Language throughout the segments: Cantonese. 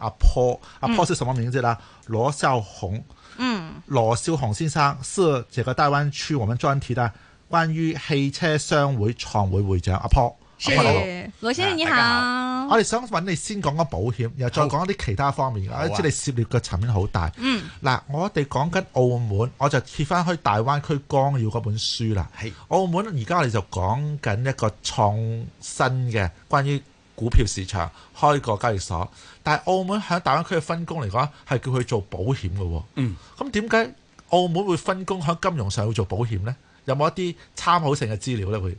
阿坡，嗯、阿坡是什麼名字啦、啊？羅少雄，嗯，羅少雄先生是這個大灣區我們專題的關於汽車商會創會會長阿坡，係羅是先生你好，啊、好我哋想揾你先講講保險，然後再講一啲其他方面嘅，因為好你涉獵嘅層面大好大、啊。嗯，嗱，我哋講緊澳門，我就貼翻去大灣區綱要嗰本書啦。係是澳門而家我哋就講緊一個創新嘅關於。股票市場開個交易所，但係澳門喺大灣區嘅分工嚟講，係叫佢做保險嘅喎。嗯，咁點解澳門會分工喺金融上去做保險呢？有冇一啲參考性嘅資料呢？佢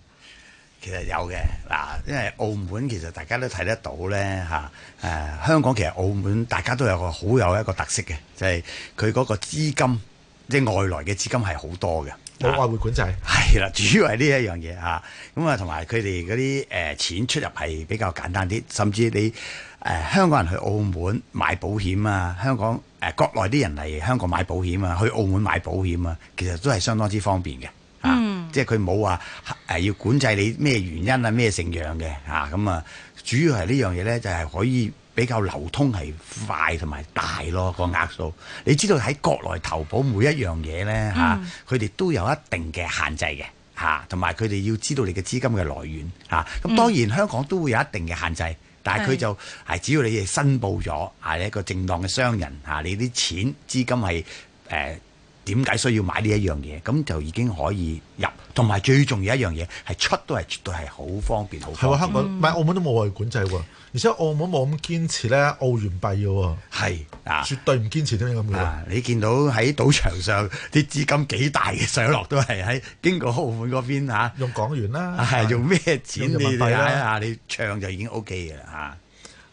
其實有嘅嗱，因為澳門其實大家都睇得到呢。嚇、啊。誒、啊，香港其實澳門大家都有個好有一個特色嘅，就係佢嗰個資金，即係外來嘅資金係好多嘅。冇外匯管制，係啦、啊，主要係呢一樣嘢啊。咁啊，同埋佢哋嗰啲誒錢出入係比較簡單啲，甚至你誒、呃、香港人去澳門買保險啊，香港誒、呃、國內啲人嚟香港買保險啊，去澳門買保險啊，其實都係相當之方便嘅。啊、嗯即，即係佢冇話誒要管制你咩原因啊，咩成樣嘅嚇咁啊，主要係呢樣嘢咧就係、是、可以。比較流通係快同埋大咯，個額數你知道喺國內投保每一樣嘢呢，嚇、嗯，佢哋、啊、都有一定嘅限制嘅嚇，同埋佢哋要知道你嘅資金嘅來源嚇。咁、啊、當然香港都會有一定嘅限制，嗯、但係佢就係是只要你哋申報咗係、啊、一個正當嘅商人嚇、啊，你啲錢資金係誒點解需要買呢一樣嘢，咁就已經可以入。同埋最重要一樣嘢係出都係絕對係好方便，好，香港唔係澳門都冇外管制喎。嗯而且澳門冇咁堅持咧，澳元幣嘅喎，啊，絕對唔堅持到咁嘅。你見到喺賭場上啲 資金幾大嘅上落都係喺經過澳門嗰邊、啊、用港元啦，係、啊、用咩錢你啊？你唱就已經 O K 嘅啦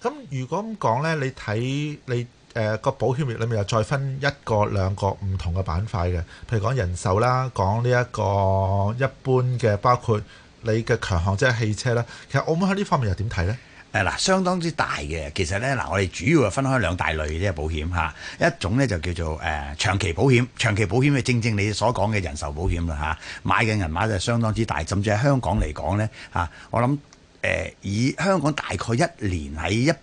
嚇。咁、啊、如果咁講咧，你睇你誒個保險業裏面又再分一個兩個唔同嘅板塊嘅，譬如講人壽啦，講呢一個一般嘅，包括你嘅強項即係、就是、汽車啦。其實澳門喺呢方面又點睇咧？誒嗱，相當之大嘅，其實咧嗱，我哋主要係分開兩大類嘅保險嚇，一種咧就叫做誒、呃、長期保險，長期保險咪正正你所講嘅人壽保險啦嚇、啊，買嘅銀碼就相當之大，甚至喺香港嚟講咧嚇，我諗誒、呃、以香港大概一年喺一誒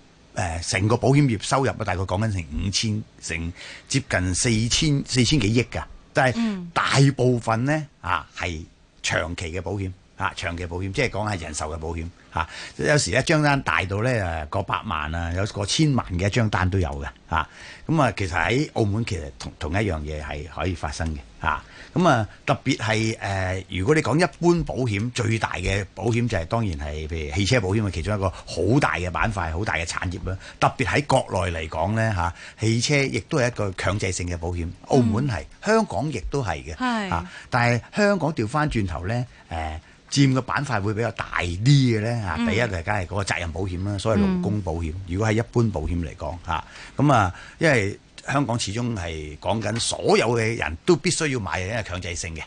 成、呃、個保險業收入啊，大概講緊成五千成接近四千四千幾億噶，但係大部分咧啊係長期嘅保險。啊，長期保險即係講係人壽嘅保險，嚇、啊、有時一張單大到咧過百萬啊，有過千萬嘅一張單都有嘅，嚇、啊、咁啊，其實喺澳門其實同同一樣嘢係可以發生嘅，嚇咁啊，啊特別係誒、呃，如果你講一般保險，最大嘅保險就係、是、當然係譬如汽車保險嘅其中一個好大嘅板塊，好大嘅產業啦、啊。特別喺國內嚟講咧嚇，汽車亦都係一個強制性嘅保險，澳門係、嗯、香港亦都係嘅，嚇、啊。是但係香港調翻轉頭咧誒。呃佔個板塊會比較大啲嘅咧嚇，嗯、第一就梗係嗰個責任保險啦，所謂勞工保險，嗯、如果係一般保險嚟講嚇，咁啊，因為香港始終係講緊所有嘅人都必須要買，因為強制性嘅。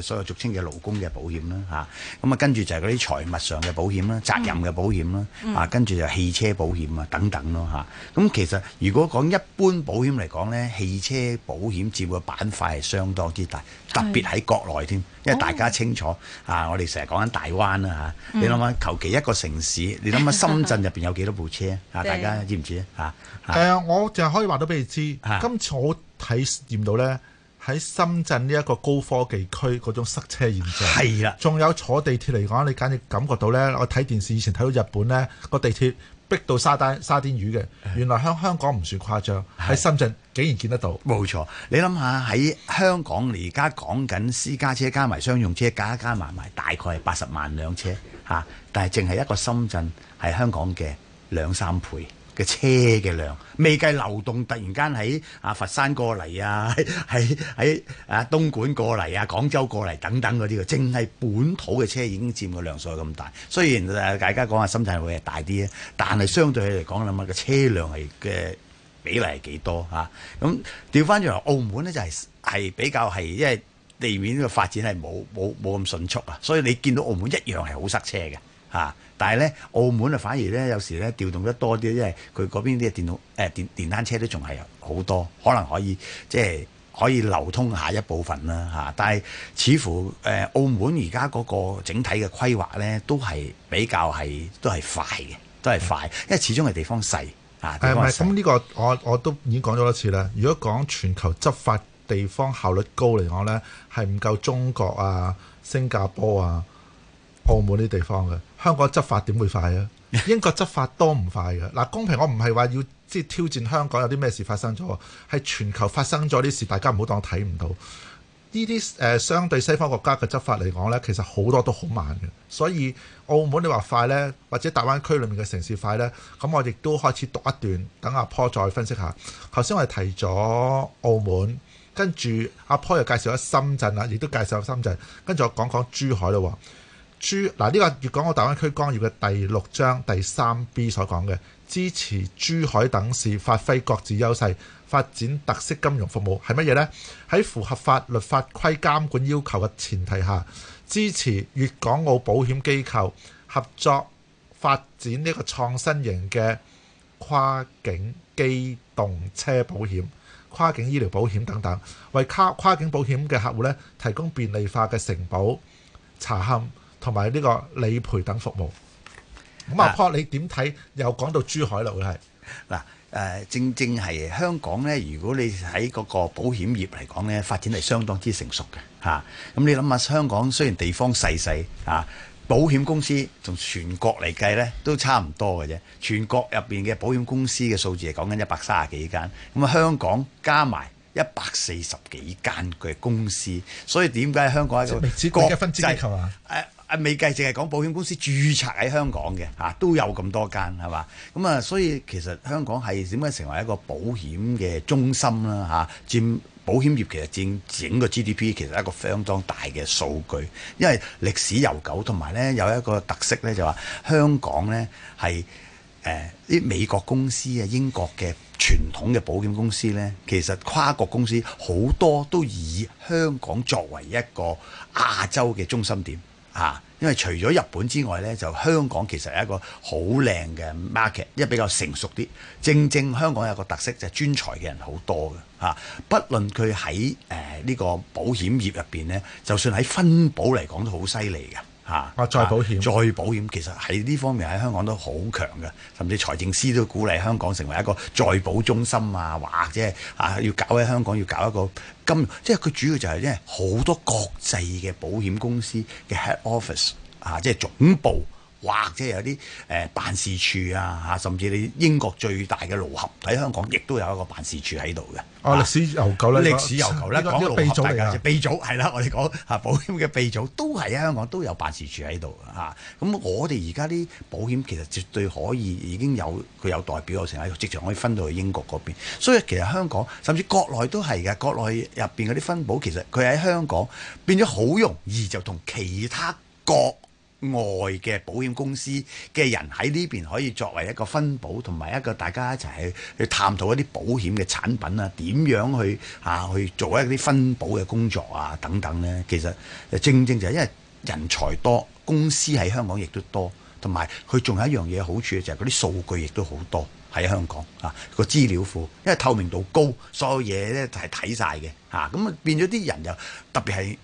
所有俗稱嘅勞工嘅保險啦，嚇，咁啊跟住就係嗰啲財物上嘅保險啦，責任嘅保險啦，啊，跟住就汽車保險啊等等咯，嚇。咁其實如果講一般保險嚟講呢，汽車保險佔嘅板塊係相當之大，特別喺國內添，因為大家清楚啊，我哋成日講緊大灣啦嚇，你諗下，求其一個城市，你諗下深圳入邊有幾多部車啊？大家知唔知咧？嚇？係啊，我就係可以話到俾你知，今次我體驗到呢。喺深圳呢一個高科技區，嗰種塞車現象係啦，仲的有坐地鐵嚟講，你簡直感覺到呢。我睇電視以前睇到日本呢、那個地鐵逼到沙甸沙甸魚嘅，的原來香香港唔算誇張，喺的深圳竟然見得到。冇錯，你諗下喺香港而家講緊私家車加埋商用車加，加加埋埋大概係八十萬輛車嚇、啊，但係淨係一個深圳係香港嘅兩三倍。嘅車嘅量未計流動，突然間喺啊佛山過嚟啊，喺喺啊東莞過嚟啊，廣州過嚟等等嗰啲嘅，淨係本土嘅車已經佔個量數咁大。雖然大家講下深圳會係大啲啊，但係相對嚟講諗下個車量係嘅比例係幾多嚇？咁調翻轉嚟澳門呢，就係係比較係因為地面呢個發展係冇冇冇咁迅速啊，所以你見到澳門一樣係好塞車嘅嚇。但係咧，澳門啊，反而咧有時咧調動得多啲，因為佢嗰邊啲電動誒、呃、電電單車都仲係好多，可能可以即係可以流通下一部分啦嚇、啊。但係似乎誒、呃、澳門而家嗰個整體嘅規劃咧，都係比較係都係快嘅，都係快，都快，因為始終係地方細啊。誒唔係咁呢個我，我我都已經講咗多次啦。如果講全球執法地方效率高嚟講咧，係唔夠中國啊、新加坡啊。澳門呢地方嘅香港執法點會快啊？英國執法都唔快嘅嗱。公平，我唔係話要即挑戰香港有啲咩事發生咗，係全球發生咗啲事，大家唔好當睇唔到呢啲誒。相對西方國家嘅執法嚟講呢，其實好多都好慢嘅，所以澳門你話快呢，或者大灣區裏面嘅城市快呢，咁我亦都開始讀一段，等阿 Paul 再分析下。頭先我哋提咗澳門，跟住阿 Paul 又介紹咗深圳啦，亦都介紹咗深圳，跟住我講講珠海啦喎。珠嗱呢個粵港澳大灣區綱要嘅第六章第三 B 所講嘅，支持珠海等市發揮各自優勢，發展特色金融服務係乜嘢呢？喺符合法律法規監管要求嘅前提下，支持粵港澳保險機構合作發展呢一個創新型嘅跨境機動車保險、跨境醫療保險等等，為跨跨境保險嘅客戶咧提供便利化嘅承保、查勘。同埋呢個理賠等服務，咁阿 Paul，你點睇？又講到珠海路啦，會係嗱誒，正正係香港咧。如果你喺嗰個保險業嚟講咧，發展係相當之成熟嘅嚇。咁你諗下，香港雖然地方細細嚇，保險公司從全國嚟計咧都差唔多嘅啫。全國入邊嘅保險公司嘅數字係講緊一百三十幾間，咁啊香港加埋一百四十幾間嘅公司，所以點解香港一個個分支啊？啊！未計，淨係講保險公司註冊喺香港嘅嚇、啊，都有咁多間係嘛？咁啊，所以其實香港係點解成為一個保險嘅中心啦？嚇、啊，佔保險業其實佔整個 GDP，其實係一個相當大嘅數據。因為歷史悠久，同埋咧有一個特色咧，就話香港咧係誒啲美國公司啊、英國嘅傳統嘅保險公司咧，其實跨國公司好多都以香港作為一個亞洲嘅中心點。嚇！因為除咗日本之外咧，就香港其實係一個好靚嘅 market，因為比較成熟啲。正正香港有個特色就係專才嘅人好多嘅嚇，不論佢喺誒呢個保險業入邊咧，就算喺分保嚟講都好犀利嘅。啊！再保險，啊、再保險其實喺呢方面喺香港都好強嘅，甚至財政司都鼓勵香港成為一個再保中心啊，或者啊要搞喺香港要搞一個金融。即係佢主要就係因為好多國際嘅保險公司嘅 head office 啊，即係總部。或者有啲誒辦事處啊，嚇，甚至你英國最大嘅勞合喺香港亦都有一個辦事處喺度嘅。啊，啊歷史悠久啦，果歷史悠久啦，這個、講勞合大嘅就備組係啦，我哋講嚇保險嘅備組都係喺香港都有辦事處喺度嚇。咁、啊、我哋而家啲保險其實絕對可以已經有佢有代表，有成喺直情可以分到去英國嗰邊。所以其實香港甚至國內都係嘅，國內入邊嗰啲分保其實佢喺香港變咗好容易就同其他國。外嘅保險公司嘅人喺呢邊可以作為一個分保，同埋一個大家一齊去去探討一啲保險嘅產品啊，點樣去啊去做一啲分保嘅工作啊等等呢？其實就正正就係因為人才多，公司喺香港亦都多，同埋佢仲有一樣嘢好處，就係嗰啲數據亦都好多喺香港啊個資料庫，因為透明度高，所有嘢呢就係睇晒嘅啊，咁啊變咗啲人就特別係。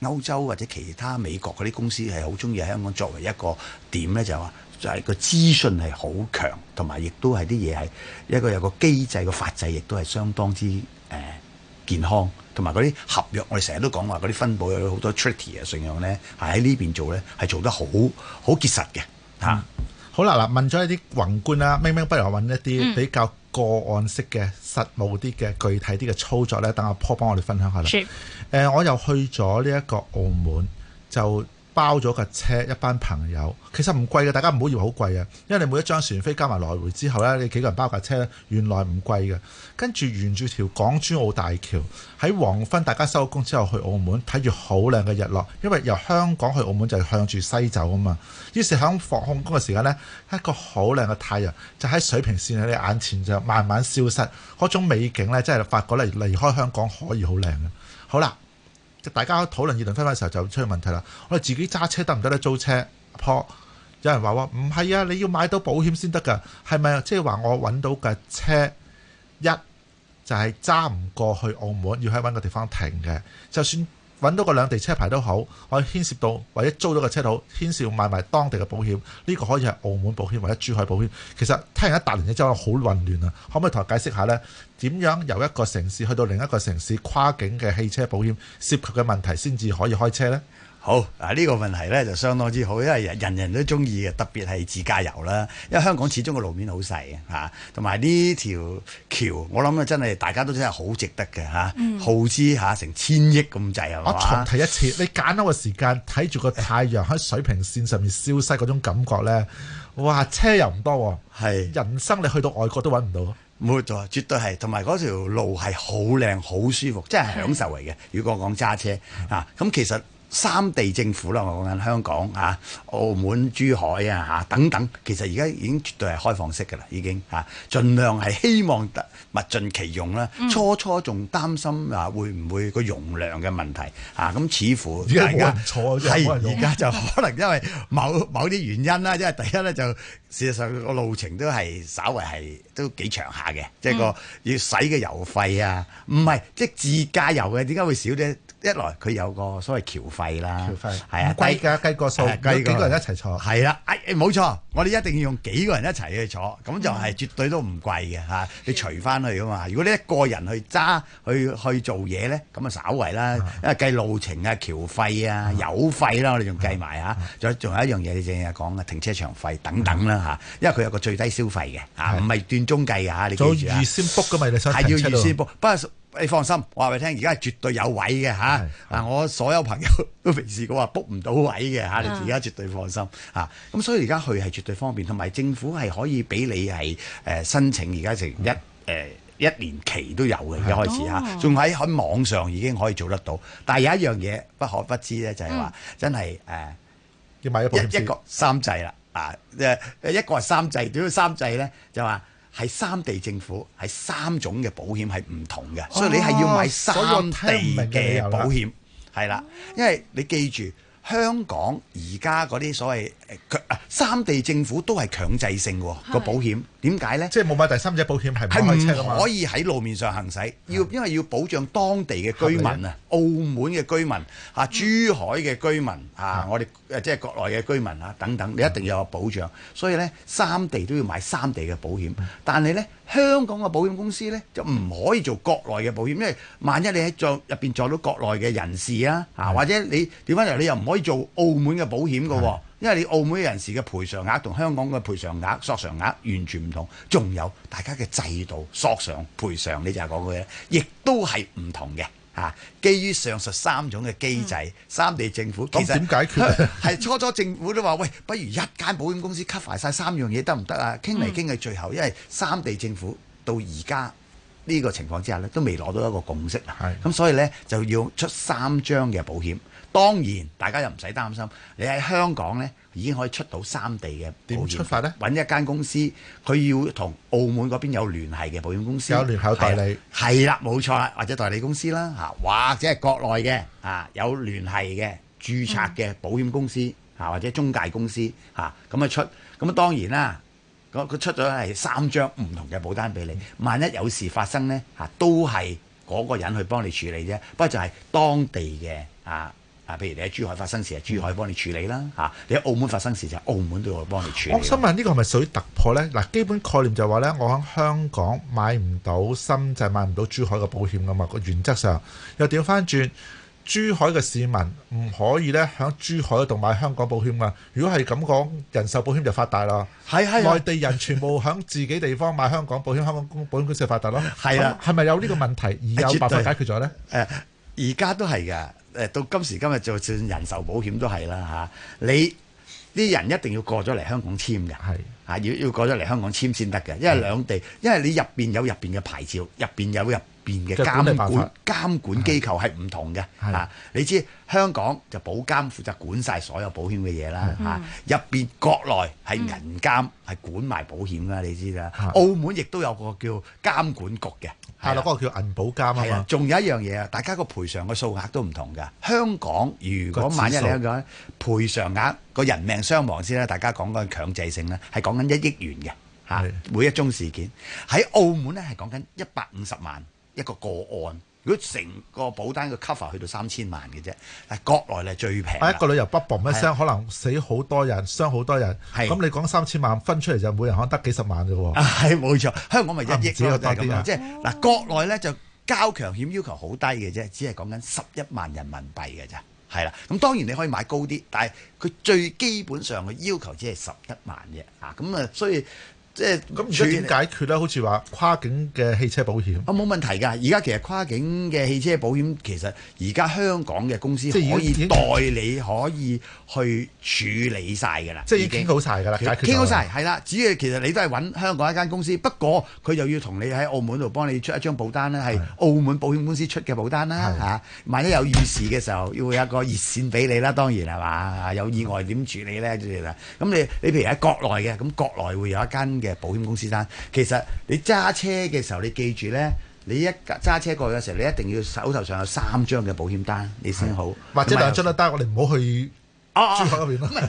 歐洲或者其他美國嗰啲公司係好中意喺香港作為一個點咧，就話、是、就係個資訊係好強，同埋亦都係啲嘢係一個有一個機制個法制，亦都係相當之誒、呃、健康，同埋嗰啲合約，我哋成日都講話嗰啲分佈有好多 treaty 啊，信用咧係喺呢邊做咧，係做得好好結實嘅嚇。好啦，嗱問咗一啲宏觀啊，明明不如我問一啲比較。嗯個案式嘅實務啲嘅具體啲嘅操作咧，等阿 Paul 幫我哋分享下啦。誒、呃，我又去咗呢一個澳門就。包咗架車，一班朋友其實唔貴嘅，大家唔好以為好貴啊！因為你每一張船飛加埋來回之後呢，你幾個人包架車呢，原來唔貴嘅。跟住沿住條港珠澳大橋喺黃昏，大家收工之後去澳門睇住好靚嘅日落，因為由香港去澳門就向住西走啊嘛。於是喺放空工嘅時間呢，一個好靚嘅太陽就喺水平線喺你眼前就慢慢消失，嗰種美景呢，真係發覺離離開香港可以好靚嘅。好啦。就大家討論議論紛紛嘅時候就會出現問題啦！我哋自己揸車得唔得？得租車泊？有人話唔係啊，你要買到保險先得㗎。係咪？即係話我揾到嘅車一就係揸唔過去澳門，要喺揾個地方停嘅？就算。揾到個兩地車牌都好，可以牽涉到或者租到嘅車都好，牽涉買埋當地嘅保險，呢個可以係澳門保險或者珠海保險。其實聽人一噠亂之後，好混亂啊！可唔可以同我解釋下呢？點樣由一個城市去到另一個城市跨境嘅汽車保險涉及嘅問題，先至可以開車呢？好啊！呢、這個問題咧就相當之好，因為人人，人都中意嘅，特別係自駕遊啦。因為香港始終個路面好細嘅嚇，同埋呢條橋，我諗啊真係大家都真係好值得嘅嚇，啊嗯、耗資嚇、啊、成千億咁滯係，我重提一次，你揀好個時間，睇住個太陽喺水平線上面消失嗰種感覺咧，唉哇！車又唔多、啊，係是人生你去到外國都揾唔到，冇錯，絕對係。同埋嗰條路係好靚、好舒服，即係享受嚟嘅。如果我講揸車啊，咁、啊啊、其實。三地政府啦，我講緊香港嚇、啊、澳門、珠海啊嚇等等，其實而家已經絕對係開放式嘅啦，已經嚇，盡、啊、量係希望得物盡其用啦。嗯、初初仲擔心啊，會唔會個容量嘅問題啊？咁似乎而家係而家就可能因為某某啲原因啦，因為第一咧就事實上個路程都係稍為係都幾長下嘅，即係個、嗯、要使嘅油費啊，唔係即係自駕遊嘅點解會少啲？一來佢有個所謂橋費啦，係啊，唔貴噶，計個數，計幾個人一齊坐係啦，冇錯，我哋一定要用幾個人一齊去坐，咁就係絕對都唔貴嘅嚇。你除翻去噶嘛，如果你一個人去揸去去做嘢咧，咁啊稍為啦，因為計路程啊、橋費啊、油費啦，我哋仲計埋嚇，仲仲有一樣嘢，你淨係講嘅停車場費等等啦嚇，因為佢有個最低消費嘅嚇，唔係斷中計啊嚇，你記住。做預先 book 噶嘛，要預先 book，不過。你放心，我話俾你聽，而家係絕對有位嘅吓。是啊，啊，我所有朋友都未試過話 book 唔到位嘅吓，啊，你而家絕對放心吓。咁，啊、所以而家去係絕對方便，同埋政府係可以俾你係誒、呃、申請而家成一誒、呃、一年期都有嘅，而家開始吓，仲喺喺網上已經可以做得到。但係有一樣嘢不可不知咧，就係話真係誒，呃、要買一一個三制啦啊，誒一個係三制，點三制咧？就話。係三地政府係三種嘅保險係唔同嘅，哦、所以你係要買三地嘅保險係啦、哦，因為你記住香港而家嗰啲所謂誒、啊、三地政府都係強制性個的保險。點解呢？即係冇買第三者保險係唔可以車㗎嘛？係唔可以喺路面上行駛，的要因為要保障當地嘅居民啊、的澳門嘅居民啊、珠海嘅居民的啊、我哋即係國內嘅居民啊等等，你一定要有保障。所以呢，三地都要買三地嘅保險，的但係呢，香港嘅保險公司呢，就唔可以做國內嘅保險，因為萬一你喺入邊撞到國內嘅人士啊，啊的或者你調返頭，你又唔可以做澳門嘅保險嘅喎、啊。因為你澳門人士嘅賠償額同香港嘅賠償額索償額完全唔同，仲有大家嘅制度索償賠償，你就係講嘅嘢，亦都係唔同嘅嚇、啊。基於上述三種嘅機制，嗯、三地政府其實點解決？係、嗯嗯、 初初政府都話：喂，不如一間保險公司 cover 晒三樣嘢得唔得啊？傾嚟傾去最後，嗯、因為三地政府到而家呢個情況之下呢都未攞到一個共識啊。咁，所以呢，就要出三張嘅保險。當然，大家又唔使擔心。你喺香港咧已經可以出到三地嘅保險。點出發咧？揾一間公司，佢要同澳門嗰邊有聯繫嘅保險公司有聯口代理係啦，冇錯啦，或者代理公司啦嚇，或者係國內嘅啊有聯繫嘅註冊嘅保險公司嚇，或者中介公司嚇，咁啊出咁啊，當然啦，咁佢出咗係三張唔同嘅保單俾你。萬一有事發生咧嚇，都係嗰個人去幫你處理啫。不過就係當地嘅啊。啊！譬如你喺珠海發生事，係珠海幫你處理啦。嚇、啊，你喺澳門發生事就是、澳門都要幫你處理。我想問呢、呢個係咪屬於突破咧？嗱，基本概念就係話咧，我喺香港買唔到深圳買唔到珠海嘅保險噶嘛。個原則上又調翻轉，珠海嘅市民唔可以咧喺珠海度買香港保險啊。如果係咁講，人壽保險就發大啦。係係、啊。內地人全部喺自己地方買香港保險， 香港公保險公司就發達咯。係啊，係咪、嗯、有呢個問題而有辦法解決咗咧？誒，而、呃、家都係嘅。到今時今日，就算人壽保險都係啦，嚇，你啲人一定要過咗嚟香港簽嘅，嚇是的、啊、要要過咗嚟香港簽先得嘅，因為兩地，是的 因為你入邊有入邊嘅牌照，入邊有入嘅監管，管監管機構係唔同嘅嚇的、啊，你知香港就保監負責管晒所有保險嘅嘢啦嚇，入邊的、啊、國內係銀監係、嗯、管埋保險啦，你知啦。的澳門亦都有個叫監管局嘅，係咯的，嗰個的叫銀保監啊嘛。仲有一樣嘢啊，大家個賠償個數額都唔同㗎。香港如果萬一你香港賠償額個人命傷亡先啦，大家講緊強制性啦，係講緊一億元嘅嚇，每一宗事件喺澳門呢，係講緊一百五十萬。一個個案，如果成個保單嘅 cover 去到三千萬嘅啫，但係國內咧最平。一個旅遊不搏一聲，啊、可能死好多人，傷好多人。係、啊，咁你講三千萬分出嚟就每人可能得幾十萬嘅喎。係冇、啊、錯，香港咪、啊、一億多啲人，即係嗱國內咧就交強險要求好低嘅啫，只係講緊十一萬人民幣嘅啫，係啦、啊。咁當然你可以買高啲，但係佢最基本上嘅要求只係十一萬嘅，啊咁啊，所以。即係咁點解決咧？好似話跨境嘅汽車保險，啊冇問題㗎。而家其實跨境嘅汽車保險，其實而家香港嘅公司可以代理，可以去處理晒㗎啦。即係已經傾好晒㗎啦，已經解決曬。係啦，只要其實你都係揾香港一間公司，不過佢又要同你喺澳門度幫你出一張保單咧，係澳門保險公司出嘅保單啦嚇。萬一有遇事嘅時候，要會有一個熱線俾你啦。當然係嘛，有意外點處理咧？咁你你，你譬如喺國內嘅，咁國內會有一間嘅。嘅保險公司單，其實你揸車嘅時候，你記住咧，你一揸車過去嘅時候，你一定要手頭上有三張嘅保險單，你先好。或者兩張都得，我哋唔好去珠海嗰邊咯。唔係，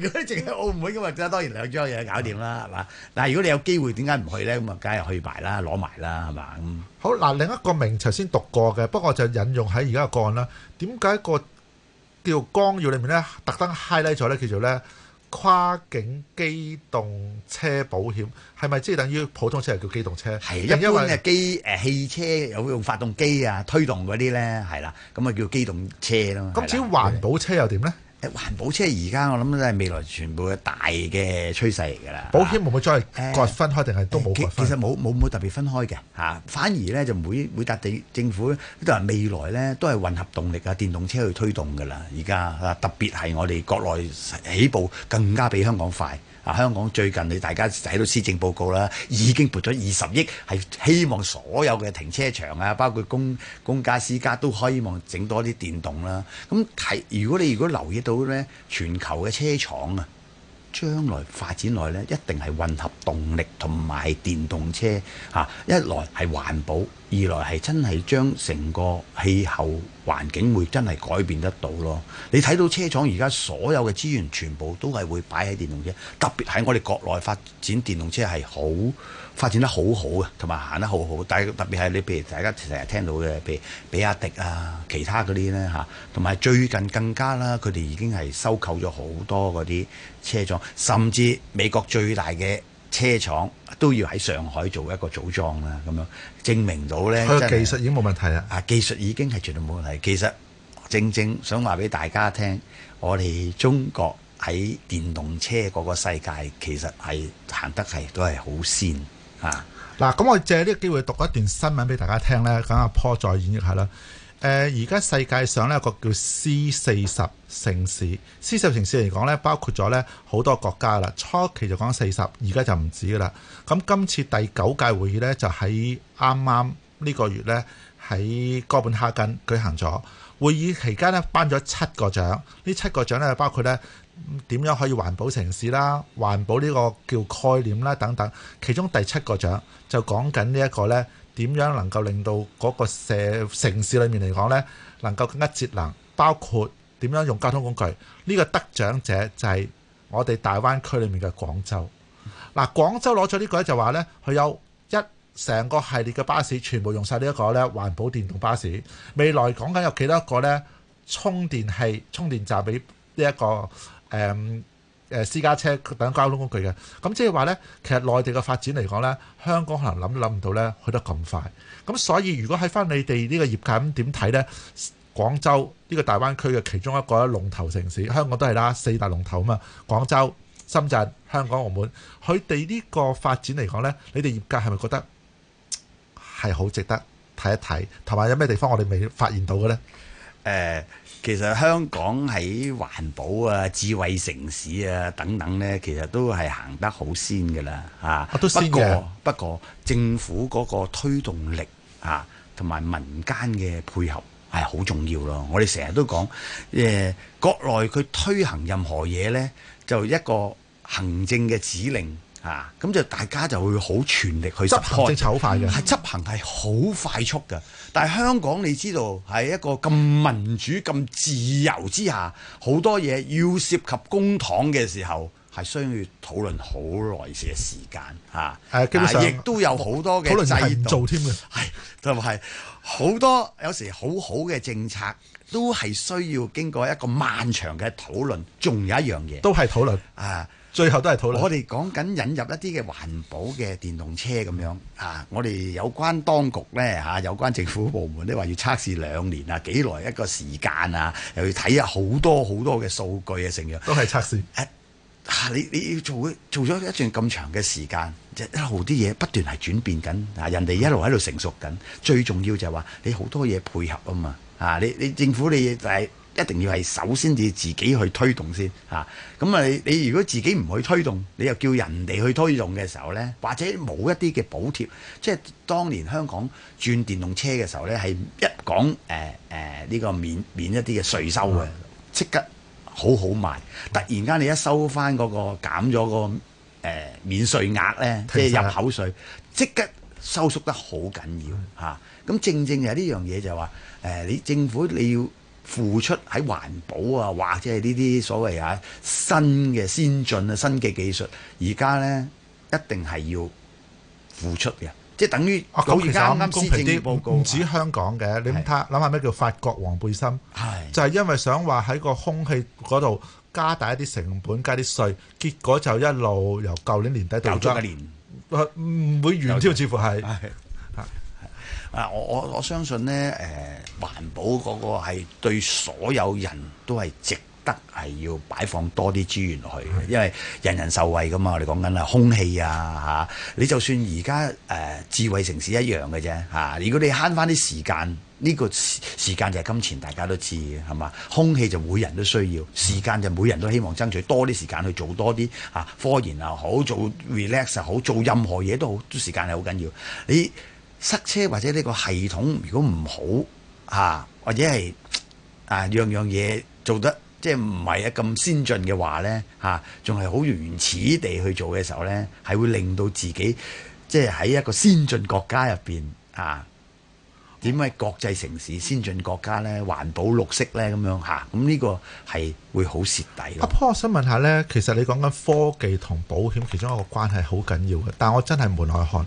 係嗰啲淨係澳門嘅嘛。即係當然兩張嘢搞掂啦，係嘛？但係如果你有機會，點解唔去咧？咁啊，梗係去埋啦，攞埋啦，係嘛？咁好嗱，另一個名，頭先讀過嘅，不過就引用喺而家個個案啦。點解個叫做光耀裏面咧，特登 highlight 咗咧，叫做咧？跨境機動車保險係咪即係等於普通車係叫機動車？係的，因為一般機誒汽車有用發動機啊推動嗰啲咧，係啦，咁啊叫機動車囉。咁至於環保車又點咧？環保車而家我諗都係未來全部嘅大嘅趨勢嚟㗎啦，保險會唔會再個分開定係、呃、都冇？其實冇冇冇特別分開嘅嚇，反而咧就唔會每每笪地政府都話未來咧都係混合動力啊電動車去推動㗎啦，而家特別係我哋國內起步更加比香港快。啊！香港最近你大家睇到施政報告啦，已經撥咗二十億，係希望所有嘅停車場啊，包括公公家私家，都希望整多啲電動啦。咁、啊、提，如果你如果留意到咧，全球嘅車廠啊。將來發展內咧，一定係混合動力同埋電動車嚇。一來係環保，二來係真係將成個氣候環境會真係改變得到咯。你睇到車廠而家所有嘅資源全部都係會擺喺電動車，特別係我哋國內發展電動車係好。發展得好好嘅，同埋行得好好。但係特別係你，譬如大家成日聽到嘅，譬如比亞迪啊，其他嗰啲呢，嚇，同埋最近更加啦，佢哋已經係收購咗好多嗰啲車廠，甚至美國最大嘅車廠都要喺上海做一個組裝啦。咁樣證明到呢，技術已經冇問題啦。啊，技術已經係絕對冇問題。其實正正想話俾大家聽，我哋中國喺電動車嗰個世界其實係行得係都係好先。啊！嗱，咁我借呢個機會讀一段新聞俾大家聽咧，等阿坡再演繹一下啦。誒、呃，而家世界上咧有個叫 C 四十城市，C 四十城市嚟講咧，包括咗咧好多國家啦。初期就講四十，而家就唔止噶啦。咁今次第九屆會議咧，就喺啱啱呢個月咧喺哥本哈根舉行咗。會議期間咧，頒咗七個獎，呢七個獎咧包括咧。點樣可以環保城市啦？環保呢個叫概念啦，等等。其中第七個獎就講緊呢一個呢，點樣能夠令到嗰個社城市裡面嚟講呢，能夠更加節能，包括點樣用交通工具呢，個得獎者就係我哋大灣區裡面嘅廣州嗱。廣州攞咗呢個咧，就話呢，佢有一成個系列嘅巴士，全部用晒呢一個呢環保電動巴士。未來講緊有幾多個呢？充電器、充電站俾呢一個。誒誒私家車等交通工具嘅，咁即係話呢，其實內地嘅發展嚟講呢，香港可能諗都諗唔到呢，去得咁快。咁所以如果喺翻你哋呢個業界咁點睇呢，廣州呢個大灣區嘅其中一個呢龍頭城市，香港都係啦，四大龍頭啊嘛，廣州、深圳、香港、澳門，佢哋呢個發展嚟講呢，你哋業界係咪覺得係好值得睇一睇？同埋，有咩地方我哋未發現到嘅呢？誒，其實香港喺環保啊、智慧城市啊等等呢，其實都係行得好先㗎啦，嚇、啊。不過不過，不過，政府嗰個推動力啊，同埋民間嘅配合係好重要咯。我哋成日都講，誒、呃、國內佢推行任何嘢呢，就一個行政嘅指令。啊！咁就大家就會好全力去執行，即係好快嘅。係執行係好快速嘅，但係香港你知道係一個咁民主咁自由之下，好多嘢要涉及公帑嘅時候，係需要討論好耐嘅時間。嚇、啊，係亦、啊、都有好多嘅制度，討論添嘅，係同埋好多有時好好嘅政策都係需要經過一個漫長嘅討論。仲有一樣嘢，都係討論啊。最後都係討論。我哋講緊引入一啲嘅環保嘅電動車咁樣啊，我哋有關當局咧嚇、啊，有關政府部門咧話要測試兩年啊，幾耐一個時間啊，又要睇啊好多好多嘅數據啊，成樣都係測試。誒、啊，你你要做咗做咗一段咁長嘅時間，一一路啲嘢不斷係轉變緊啊，人哋一路喺度成熟緊。最重要就係話你好多嘢配合啊嘛啊，你你政府你就係。一定要係首先要自己去推動先嚇，咁啊你，你如果自己唔去推動，你又叫人哋去推動嘅時候呢，或者冇一啲嘅補貼，即係當年香港轉電動車嘅時候呢，係一講誒誒呢個免免一啲嘅稅收嘅，即刻好好賣。突然間你一收翻嗰、嗰個減咗、嗰個、呃、免稅額呢，即係入口稅，即刻收縮得好緊要嚇。咁、啊、正正就呢樣嘢就話誒、呃，你政府你要付出喺環保啊，或者係呢啲所謂啊新嘅先進啊新嘅技術，而家咧一定係要付出嘅，即係等於我而家啱啱公佈啲報告，唔止香港嘅，的你睇諗下咩叫法國黃背心，的就係因為想話喺個空氣嗰度加大一啲成本加啲稅，結果就一路由舊年年底到咗，一年唔、呃、會完朝似乎係。是啊！我我我相信咧，誒、呃，環保嗰個係對所有人都係值得係要擺放多啲資源落去，因為人人受惠噶嘛。我哋講緊啊，空氣啊嚇、啊，你就算而家誒智慧城市一樣嘅啫嚇。如果你慳翻啲時間，呢、呢個時時間就係金錢，大家都知嘅係嘛。空氣就每人都需要，時間就每人都希望爭取多啲時間去做多啲嚇、啊、科研啊好，好做 relax、啊、好做任何嘢都好，都時間係好緊要你。塞車或者呢個系統如果唔好嚇、啊，或者係啊樣樣嘢做得即係唔係啊咁先進嘅話呢嚇，仲係好原始地去做嘅時候呢係會令到自己即係喺一個先進國家入邊嚇，點、啊、解國際城市先進國家呢環保綠色呢？咁樣嚇？咁、啊、呢、嗯這個係會好蝕底。阿波，我想問下呢，其實你講緊科技同保險其中一個關係好緊要嘅，但我真係門外漢。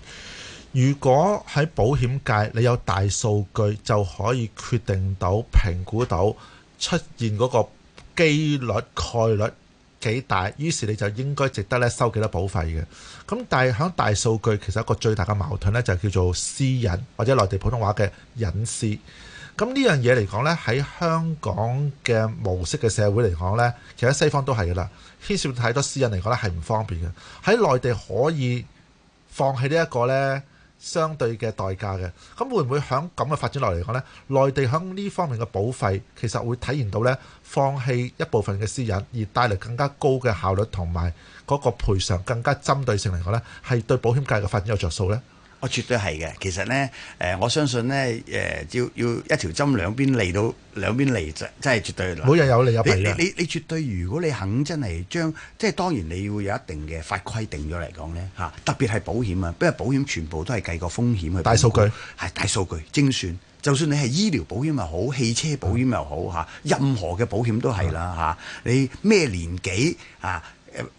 如果喺保險界，你有大數據就可以決定到、評估到出現嗰個機率、概率幾大，於是你就應該值得咧收幾多保費嘅。咁但係喺大數據其實一個最大嘅矛盾咧，就叫做私隱或者內地普通話嘅隱私。咁呢樣嘢嚟講咧，喺香港嘅模式嘅社會嚟講咧，其實西方都係噶啦，牽涉太多私隱嚟講咧係唔方便嘅。喺內地可以放棄呢一個咧。相對嘅代價嘅，咁會唔會喺咁嘅發展落嚟講呢，內地喺呢方面嘅保費，其實會體現到呢，放棄一部分嘅私隱，而帶嚟更加高嘅效率同埋嗰個賠償更加針對性嚟講呢，係對保險界嘅發展有著數呢？我絕對係嘅，其實呢，誒、呃，我相信呢，誒，要要一條針兩邊利到兩邊利，就真係絕對。冇又有利有弊你你，你絕對，如果你肯真係將，即係當然你要有一定嘅法規定咗嚟講呢，嚇，特別係保險啊，不過保險全部都係計個風險去大。大數據係大數據精算，就算你係醫療保險又好，汽車保險又好嚇，任何嘅保險都係啦嚇。你咩年紀啊？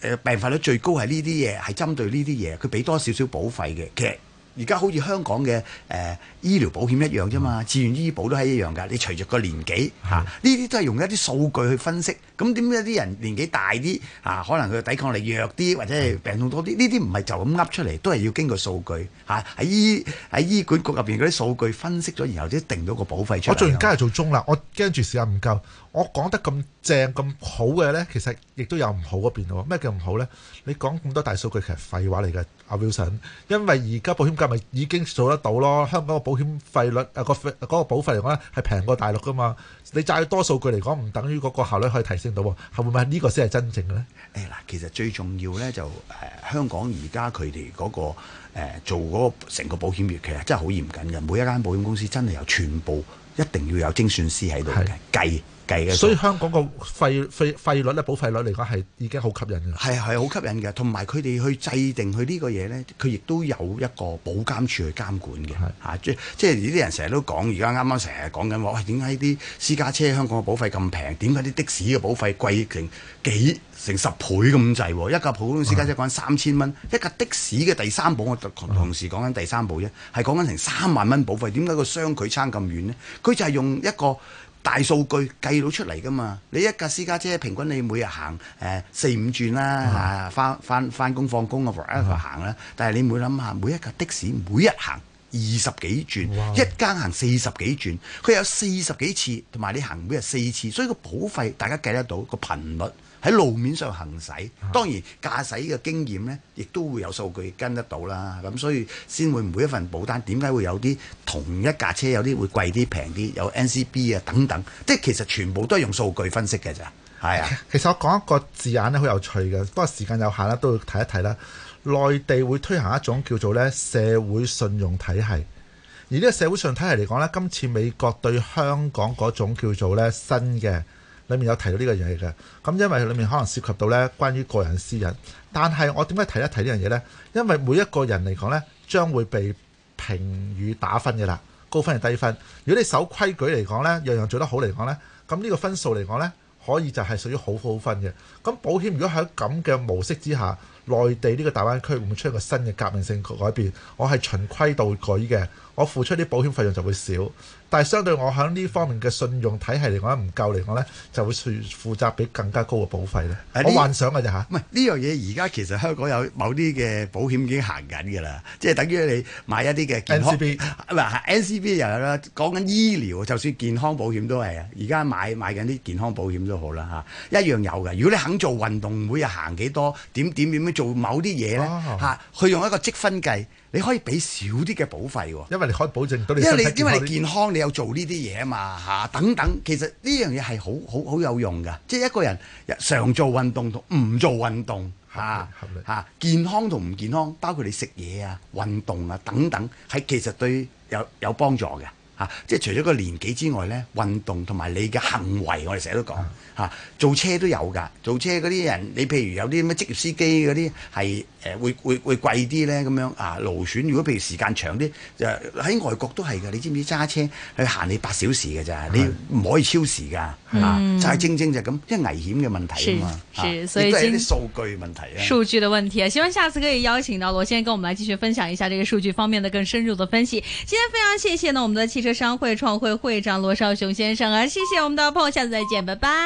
誒誒，病發率最高係呢啲嘢，係針對呢啲嘢，佢俾多少少保費嘅，其實。而家好似香港嘅誒、呃、醫療保險一樣啫嘛，志、嗯、願醫保都係一樣㗎。你隨著個年紀嚇，呢、啊、啲是的 都係用一啲數據去分析。咁點解啲人年紀大啲嚇、啊，可能佢抵抗力弱啲，或者係病痛多啲？呢啲唔係就咁噏出嚟，都係要經過數據嚇喺、啊、醫喺醫管局入邊嗰啲數據分析咗，然後先定到個保費出嚟。我最近加嚟做中立，我驚住時間唔夠。我講得咁正咁好嘅咧，其實亦都有唔好嗰邊喎。咩叫唔好咧？你講咁多大數據其實廢話嚟嘅，阿、啊、Wilson。因為而家保險界咪已經做得到咯。香港個保險費率啊，嗰個費保費嚟講咧，係平過大陸噶嘛。你再多數據嚟講，唔等於嗰個效率可以提升到，係咪？呢個先係真正嘅咧。誒嗱，其實最重要咧就誒、是呃、香港而家佢哋嗰個、呃、做嗰個成個保險業其實真係好嚴謹嘅。每一間保險公司真係有全部一定要有精算師喺度嘅計。所以香港個費費費率咧，保費率嚟講係已經好吸引嘅。係係好吸引嘅，同埋佢哋去制定佢呢個嘢咧，佢亦都有一個保監處去監管嘅。係是啊，即即係呢啲人成日都講，而家啱啱成日講緊話，喂，點解啲私家車香港嘅保費咁平？點解啲的士嘅保費貴成幾成十倍咁滯？一架普通私家車講緊三千蚊，嗯、一架的士嘅第三保我同同時講緊第三保啫，係講緊成三萬蚊保費。點解個相距差咁遠呢？佢就係用一個，大數據計到出嚟㗎嘛？你一架私家車平均你每日行誒四五轉啦，返返返工放工啊，啊班班一個行啦。啊、但係你冇諗下，每一架的士每日行二十幾轉，哇一間行四十幾轉，佢有四十幾次，同埋你行每日四次，所以個保費大家計得到、個頻率。喺路面上行駛，當然駕駛嘅經驗呢亦都會有數據跟得到啦。咁所以先會每一份保單，點解會有啲同一架車有啲會貴啲、平啲，有 NCB 啊等等，即係其實全部都係用數據分析嘅咋，係啊。其實我講一個字眼呢，好有趣嘅，不過時間有限啦，都要睇一睇啦。內地會推行一種叫做呢社會信用體系，而呢個社會信用體系嚟講呢，今次美國對香港嗰種叫做呢新嘅。裏面有提到呢個嘢嘅。咁因為裡面可能涉及到咧關於個人私隱，但係我點解提一提呢樣嘢呢？因為每一個人嚟講呢，將會被評語打分嘅啦，高分係低分。如果你守規矩嚟講呢，樣樣做得好嚟講呢，咁呢個分數嚟講呢，可以就係屬於好好的分嘅。咁保險如果喺咁嘅模式之下，內地呢個大灣區會唔會出一個新嘅革命性改變？我係循規蹈矩嘅，我付出啲保險費用就會少，但係相對我喺呢方面嘅信用體系嚟講唔夠嚟講呢就會負負責俾更加高嘅保費咧。啊、我幻想嘅啫嚇。唔係呢樣嘢，而家其實香港有某啲嘅保險已經行緊㗎啦，即係等於你買一啲嘅健康，嗱 N C B 又、啊、有啦。講緊醫療，就算健康保險都係啊，而家買買緊啲健康保險都好啦嚇、啊，一樣有㗎。如果你肯做運動，每日行幾多，點點點。做某啲嘢咧嚇，去、oh. 用一個積分計，你可以俾少啲嘅保費喎，因為你可以保證到你身體。因為你因為你健康，你有做呢啲嘢啊嘛嚇，等等，其實呢樣嘢係好好好有用嘅，即係一個人常做運動同唔做運動嚇，合理嚇，健康同唔健康，包括你食嘢啊、運動啊等等，係其實對有有幫助嘅。啊、即係除咗個年紀之外咧，運動同埋你嘅行為，我哋成日都講嚇，做、啊、車都有㗎，做車嗰啲人，你譬如有啲咩職業司機嗰啲係誒會會會貴啲咧，咁樣啊，勞損，如果譬如時間長啲，就、啊、喺外國都係㗎，你知唔知揸車去行你八小時㗎咋？是你唔可以超時㗎嚇，就係正正就係咁，即係危險嘅問題啊嘛嚇，所以都係啲數據問題啊，數據嘅問題啊，希望下次可以邀請到羅先生跟我們嚟繼續分享一下呢個數據方面嘅更深入嘅分析。今天非常謝謝呢，我們嘅汽車。商會創會會長羅少雄先生啊，謝謝我們的朋友，下次再見，拜拜。